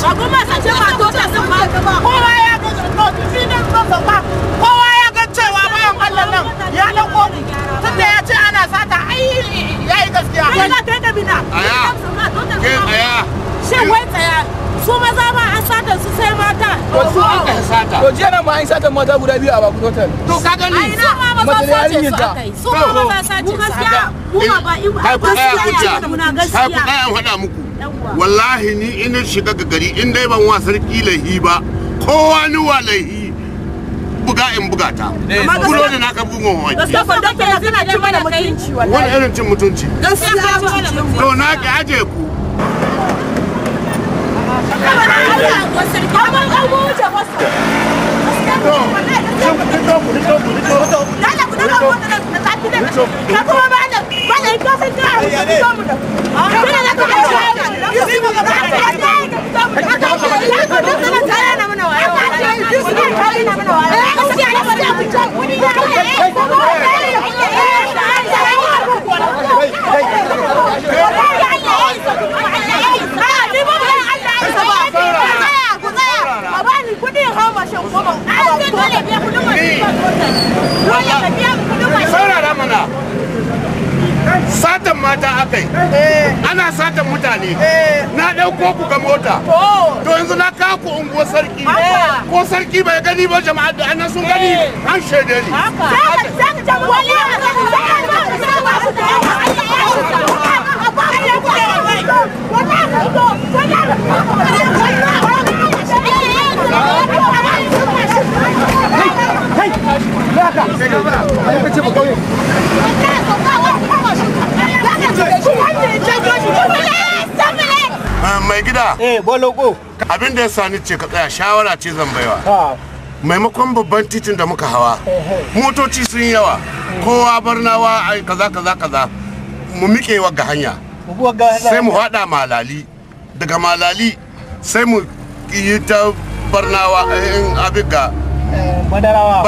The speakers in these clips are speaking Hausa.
a kuma sace ba to ta kowa ya kowa ya ce ana sata ai yayi gaskiya ai na su maza sata su sai mata su an ka sata guda biyu a baku total to ka gani ai na ma ba za sace su akai su ma ba za sace su akai mu ba ba ai ba gaskiya muna gaskiya kai ku muku wallahi ni in shiga ga gari in dai ban wa sarki lahi ba kowa ni wa buga in buga ta bulo ne na ka bugun hawaii gaskiya don ta ya kana mana mutunci wallahi wani irin cin mutunci gaskiya to na ki aje ku Come kai ana satan mutane na ɗauko ku ga mota to yanzu na ka ku unguwar sarki ko sarki bai gani ba jama'a da ana sun gani an shaide ni eh boloko abin da ya sani ce ka tsaya shawara ce zan baiwa maimakon babban titin da muka hawa motoci sun yawa mm. kowa barnawa ai kaza kaza kaza mu miƙe ga hanya sai mu haɗa malali daga malali sai mu yi ta barnawa eh, abin ga eh,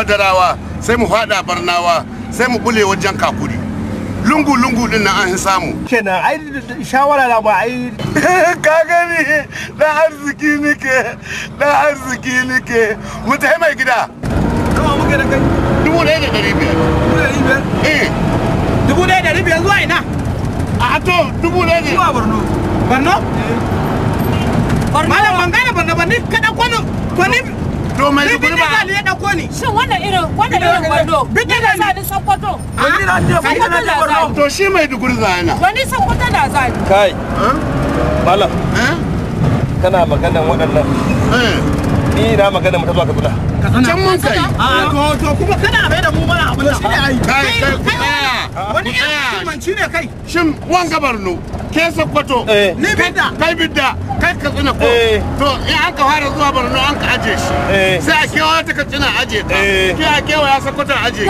badarawa sai mu haɗa barnawa sai mu bule wajen kakuri lungu-lungu din na an samu. Kenan ai shawara na ba ai. Ka gani na arziki nike na arziki nike mu tafi mai gida. Nawa muke da kai? Dubu ɗaya da ɗari biyar. Dubu ɗari biyar? Eh. Dubu ɗaya da ɗari biyar zuwa ina? A to dubu ɗaya da. Zuwa Borno. Borno? Borno. Malam ban gane Borno ba ni kaɗan kwano. Kwani to mai zuguri ba ne ya dauko ni shin wannan irin wannan irin wando bidiga sa ni sakkwato wani ran je kai na da barno to shi mai duguri za yana wani sakkwato da za ni kai malam kana maganan waɗannan eh. ni na magana mu ta zuwa Kaduna can mun kai to to kuma kana bai da mu mana abu shi ne ai kai kai wani irin manci ne kai shin wanga Borno ke Sokoto eh. ni bidda kai bidda kai Katsina ko eh. to in an ka fara zuwa Borno an ka aje shi eh. sai a kewa ta Katsina aje ka ke a kewa ya Sokoto aje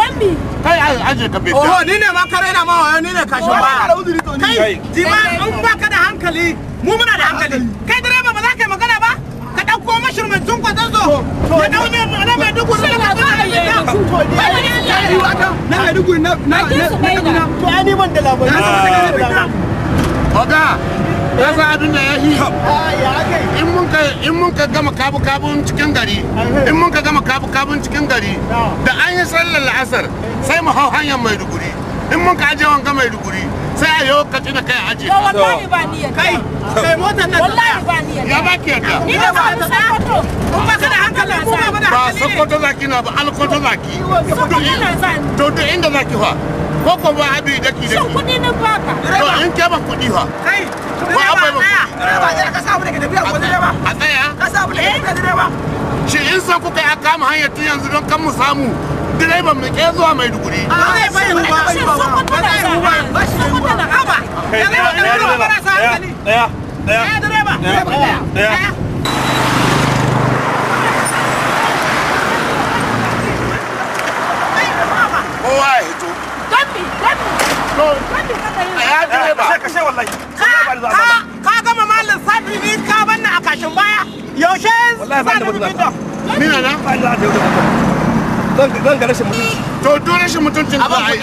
kai a aje ka bidda oh ni ne ma kare na ma ni ne kashi ba kai jima in baka da hankali mu muna da hankali kai direba ɗauko mashirmantun kwatazzo ya na mai dugu na dugu na na na to an yi da labarai ah, oga ya sa abin da ya ah, yi in mun ka in mun ka gama kabu kabun cikin gari in mun ka gama kabu kabun cikin gari ah. da an yi sallar la'asar sai mu hau hanyar maiduguri in mun ka aje wanka maiduguri sai a yau ka kai aji to wallahi ba ni kai kai motar nan wallahi ba ni ya ba ki yadda ni da ba ta sakoto kun ba kada hankali ko ba da hankali ba sakoto zaki na ba alkoto zaki to duk inda zaki fa ko ko ba abi da ki da ki kudi na baka to in ke kudi fa kai ba abai ba kudi ba ka samu daga tafiya ce kuka ya kama hanyar tun yanzu don kan mu samu direban mu ke zuwa mai duguri. ba ba Ka gama malin sabi ka banna a kashin baya. Yaushe sa da ni na zan ga rashin mutunci to duk rashin mutuncin ba ai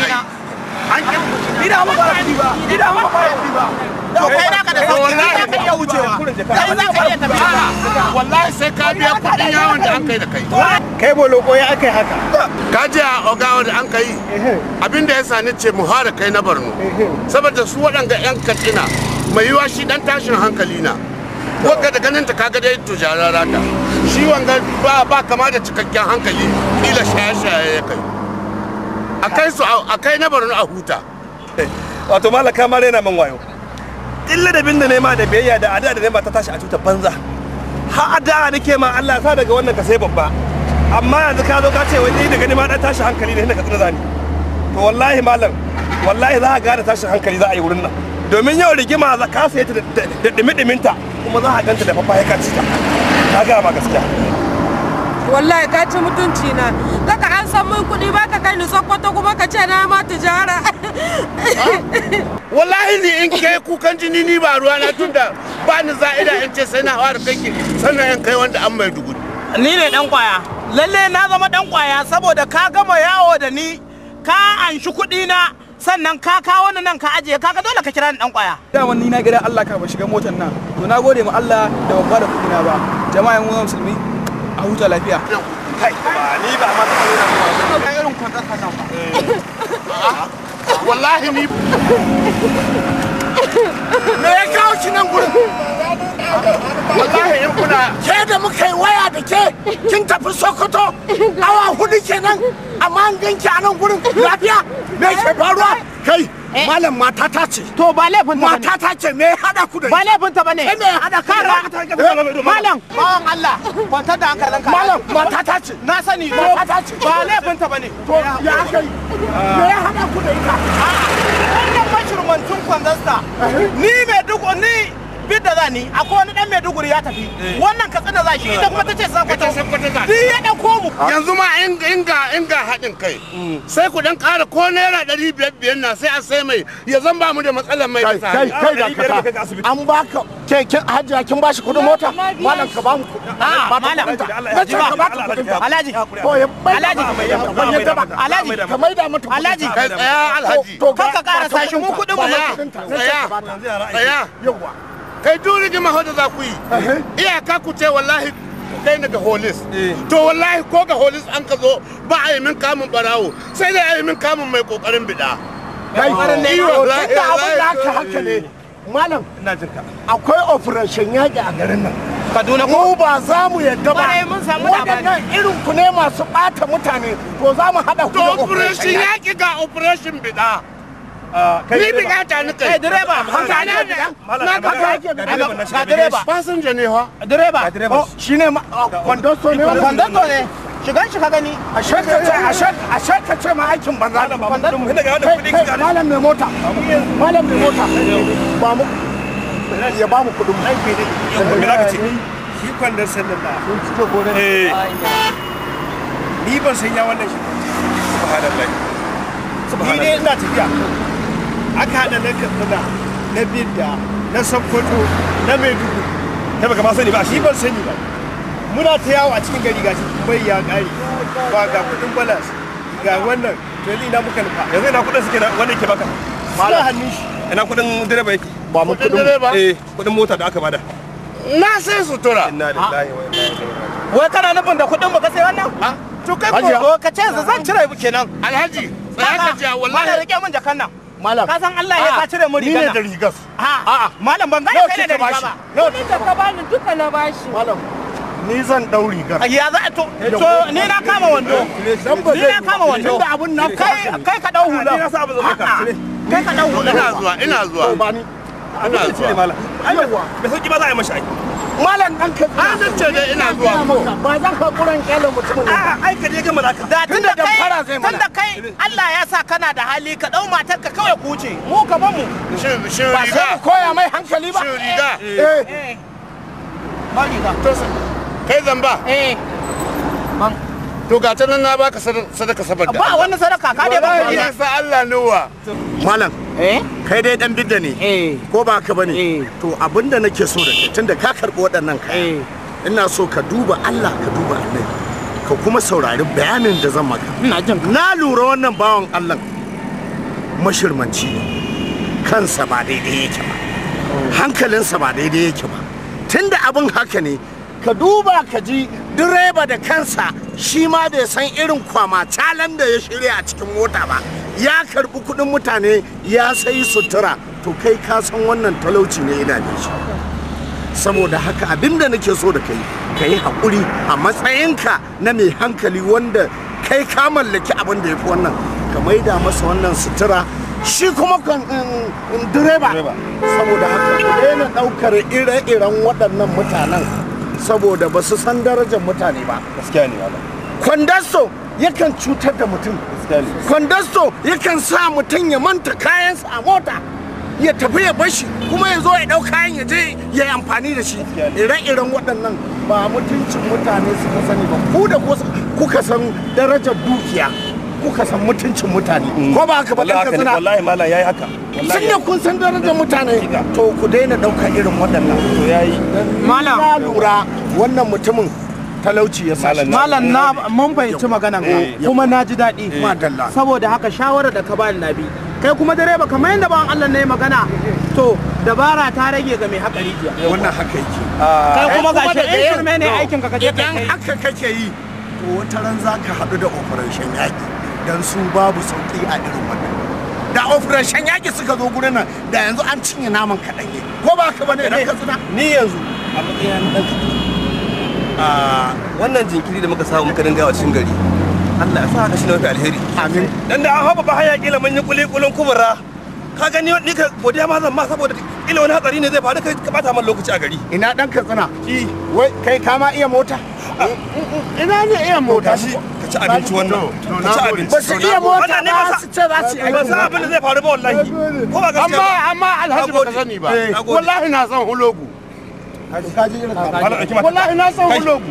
an kin mu ba ba mu ba ba to kai ka da sauki ka iya wucewa kai ka iya tafiya wallahi sai ka biya kudin yawon da an kai da kai kai boloko ya akai haka ka ji a ogawa da an kai abinda ya sani ce mu kai na barno saboda su waɗanda yan katsina mai yiwa shi dan tashin hankali na ko ka da ganin ta kaga dai to jarara ta shi wanga ba kama da cikakken hankali kila shaya-shaya ya kai a kai su a kai na barno a huta wato malaka ma raina man wayo illa da binda nema da biyayya da ada da nema ta tashi a cuta banza ha ada nake ma Allah sa daga wannan ka sai babba amma yanzu ka zo ka ce wai dai daga nima dan tashi hankali ne ka tsira zani to wallahi malam wallahi za ka gane tashi hankali za a yi wurin nan domin yau rigima za ka sai ta da dimi-diminta kuma za a ganta da fafa ya kaci ta ka gaya ma gaskiya wallahi ka ci mutunci na kaka an san mun kuɗi ba ka kai ni sokoto kuma ka ce na ma tijara wallahi ni in kai kukan jini ni ba ruwa na tunda ba ni za'ida in ce sai na hawa da kanki sannan in kai wanda an mai dugu ni ne dan kwaya lalle na zama dan kwaya saboda ka gama yawo da ni ka anshi kuɗi na sannan ka kawo ni nan ka ajiye kaga dole ka kira ni dan kwaya daman ni na gidan Allah ka ba shiga motar nan to na gode ma Allah da ban bada kuɗi na ba jama'an wani musulmi a huta lafiya ni ba ma taɓa ba irin kwantar da muka waya da ke kin tafi sokoto awa hudu kenan amma an ganki a nan gurin lafiya me ke faruwa kai Eh. malam mata ta ce to ba laifin ta mata ta ce me hada ku da ba laifin ta bane me hada ka ga malam bawan Allah kwanta da hankalin ka malam mata ta ce na sani mata ta ce ba laifin ta bane to ya kai ah. me hada ku da ita a'a ah. wannan tun kwanzasta eh. ni me duk ni bid da za ni akwai wani dan Maiduguri ya tafi eh. wannan katsina za shi ita kuma ta ce sakwata duk ya dauko mu ah. yanzu ma inga inga haɗin kai mm. sai ku dan ƙara ko naira ɗari biyar na sai a sai mai ya zan ba mu da matsalar mai kai kai kai da ka an baka ke kin kin bashi kudin mota malam ka ba mu ah, a malam alhaji ka ba ka kuɗin alhaji alhaji alhaji ka maida mata alhaji kai tsaya alhaji to ka ƙara sashi mu kuɗin mu tsaya tsaya yawa kai duri jima da za ku yi iyaka ku ce wallahi kai ni ga holis eh. to wallahi ko ga holis an ka zo ba a yi min kamun barawo sai dai a yi min kamun mai kokarin bida kai ne da abin da aka haka ne malam ina jinka akwai operation yaki a garin nan Kaduna ko ba za mu yadda ba waɗannan irin ku ne masu ɓata mutane to za mu haɗa ku da operation yaki ga operation bida Ah, ni bukata ni kai direba hanka ne na ka kake direba passenger ne ha direba direba oh, shine oh, conductor ne conductor ne shigan shi ka gani a shakace a shakace a shakace ma aikin banza da daga wannan kudi ka malam mai mota malam mai mota ba mu ya ba mu kudin mu eh, ka ce shi kwandon sallalla eh. ni ban san ya wannan shi subhanallah subhanallah ni dai ina tafiya aka hada na katsina na bidda na sokoto na maiduguri ta baka ba sani ba shi ban sani ba muna ta yawo a cikin gari gashi bai ya kare ba ga kudin balas ga wannan to yanzu ina muka nufa yanzu ina kudin suke wannan ke baka mala hannun shi ina kudin direba yake ba mu kudin direba eh kudin mota da aka bada na sai tura inna lillahi wa inna ilaihi raji'un wai kana nufin da kuɗin baka sai wannan to kai ko ka ce zan cire kenan alhaji ba ka ji wallahi rike min jakan nan malam ka san Allah ya mu ni ne da rigas a malam ban gane kai ne da rigas ba ni da ka bani duka na bashi malam ni zan dau rigar ya za to to ni na kama wando eh, ni na kama wando da abun nan kai kai ka dau hula ah, ni na sa abu ka kai ka dau hula ina zuwa ina zuwa ina zuwa yawa sauki ba za a yi mashi aiki malam dan ka a ah, nan ce dai ina zuwa ba zan ka kuran kyalin mutumin ne a ah, ai ka je gama naka da tunda da tunda kai Allah ya sa kana da hali ka dau matar ka kawai kuce mu ka ban mu shin ba sai koya mai hankali ba shin riga eh, eh. eh. riga to kai zamba eh man to ga ta nan na baka sadaka sabaka ba wani sadaka ka dai ba ka sa Allah nuwa malam Eh? kai dai dan bidda ne eh. ko ba ka bane eh. to abinda nake so da kai tunda ka karbi waɗannan kaya ina so ka duba Allah ka duba Annabi ka kuma saurari bayanin da zan maka na lura wannan bawan Allah mashirmanci ne kansa ba daidai yake ba oh. hankalinsa ba daidai yake ba tunda abin haka ne ka duba ka ji direba da kansa shi ma bai san irin kwama calan da ya shirya a cikin mota ba ya karbi kudin mutane ya sayi sutura to kai ka san wannan talauci ne ina da shi saboda haka abinda nake so da kai ka yi haƙuri a matsayinka na mai hankali wanda kai ka mallaki abin da yafi wannan ka maida masa wannan sutura shi kuma kan um, um, um, direba saboda haka ku daina ɗaukar ire-iren waɗannan mutanen saboda ba su san darajar mutane ba gaskiya ne kwandaso yakan cutar da mutum kwandasto yakan sa mutum ya manta kayansa a mota ya tafi ya bashi kuma ya zo ya ɗau kayan ya je ya yi amfani da shi ire-iren waɗannan ba mutuncin mutane ka sani ba ku da kuka san darajar dukiya kuka san mutuncin mutane mm. ko ba haka ba ɗan ka suna wallahi mala yayi haka sun ne kun san darajar mutane to ku daina ɗaukar irin waɗannan to yayi mala lura wannan mutumin talauci ya sa malam na mun fahimci magana eh, kuma na ji daɗi eh. saboda haka shawara da ka bani na bi kai kuma direba kamar yadda ban Allah ne magana to dabara ta rage ga mai haƙari rijiya wannan haka yake ah, kai eh, kuma ga shi in shirme ne aikin ka kaje kai haka kake yi to wata ran zaka haɗu da operation yaki dan su babu sauki a irin wannan da operation yaki suka zo gurin nan da yanzu an cinye naman kaɗanye ko ba ka bane da ka tsina ni yanzu a matsayin wannan jinkiri da muka samu muka dinga wa cin gari Allah ya sa haka shine mafi alheri amin dan da an haba ba haya kila mun yi kulun kubura ka gani ni ka godiya ma zan ma saboda kila wani hatsari ne zai faru kai ka bata man lokaci a gari ina dan ka shi wai kai ka ma iya mota ina ne iya mota shi ka ci abinci wannan ka ci abinci ba iya mota ba su ce za su yi ba san abin da zai faru ba wallahi ko ba gaskiya amma amma alhaji ba ka sani ba eh. wallahi na san hulogu kaji irin wallahi na san hulogu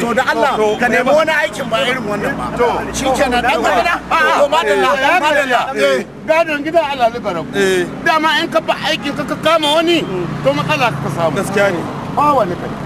to da Allah ka nemi wani aikin ba irin wannan ba shikenan dan gida to madalla eh, madalla eh. gadon gida Allah zai eh. dama in ka ba aikin ka kama wani to matsala ka samu gaskiya ne ba wani kai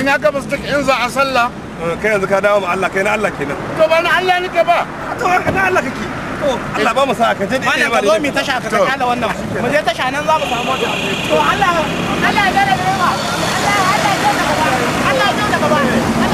ina gabas take in za a sallah eh, kai yanzu ka dawo ma Allah kai na Allah kenan to ba na Allah nake ba to na Allah kake to Allah ba mu sa ka je da ina ba zo mi tasha ka ta kala wannan mu je tasha nan za mu samu wata to Allah Allah ya gare da Allah Allah ya gare da Allah ya gare da